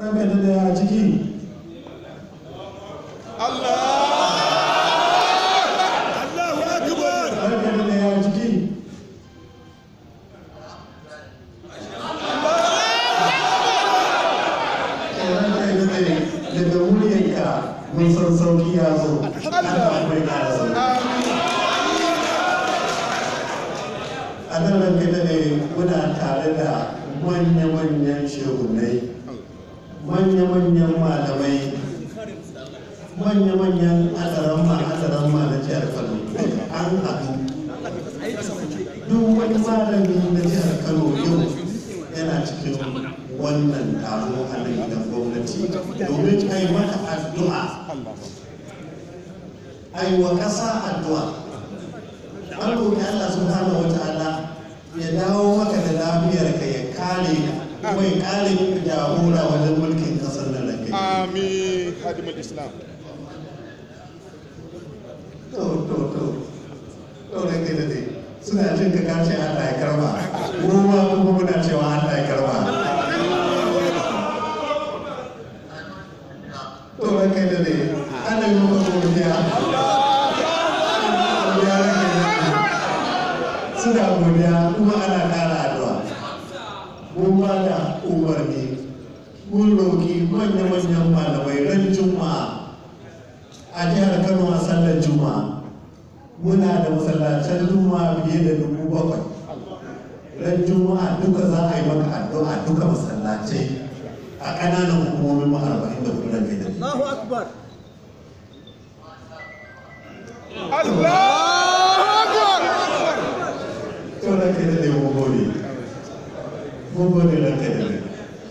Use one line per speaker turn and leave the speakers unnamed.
ranka da ya ciki Allah Allahu da da ciki daga muryarka mun san sauki ya zo Allah bai zo a nan ranka da ne muna tare da manya-manyan shehunai manya-manyan malamai manya-manyan azaramma ma na jihar kano an haɗu duk wani malami na jihar kano yau yana cikin wannan taro a nan da gwamnati domin kai mata addu'a ai wa ƙasa addu'a an roƙi Allah subhanahu wa ta'ala ya dawo maka da lafiyarka ya kare ka kuma ya kare ka jagora wajen islam to to to to da ke da dai suna jin ka kace Allah ya karba mu ma kuma muna cewa Allah ya karba to da ke da dai ana yi maka godiya suna ana ma da umarni mun roƙi manya-manyan malamai ran juma'a a jihar kano a sallar juma'a muna da masallacen juma'a fiye da dubu bakwai ran juma'a duka za a yi maka addu'a duka masallacai a ƙananan hukumomin mu da hudu da Allah! Allah! Allah! Allah! Allah! Allah! allah Allah!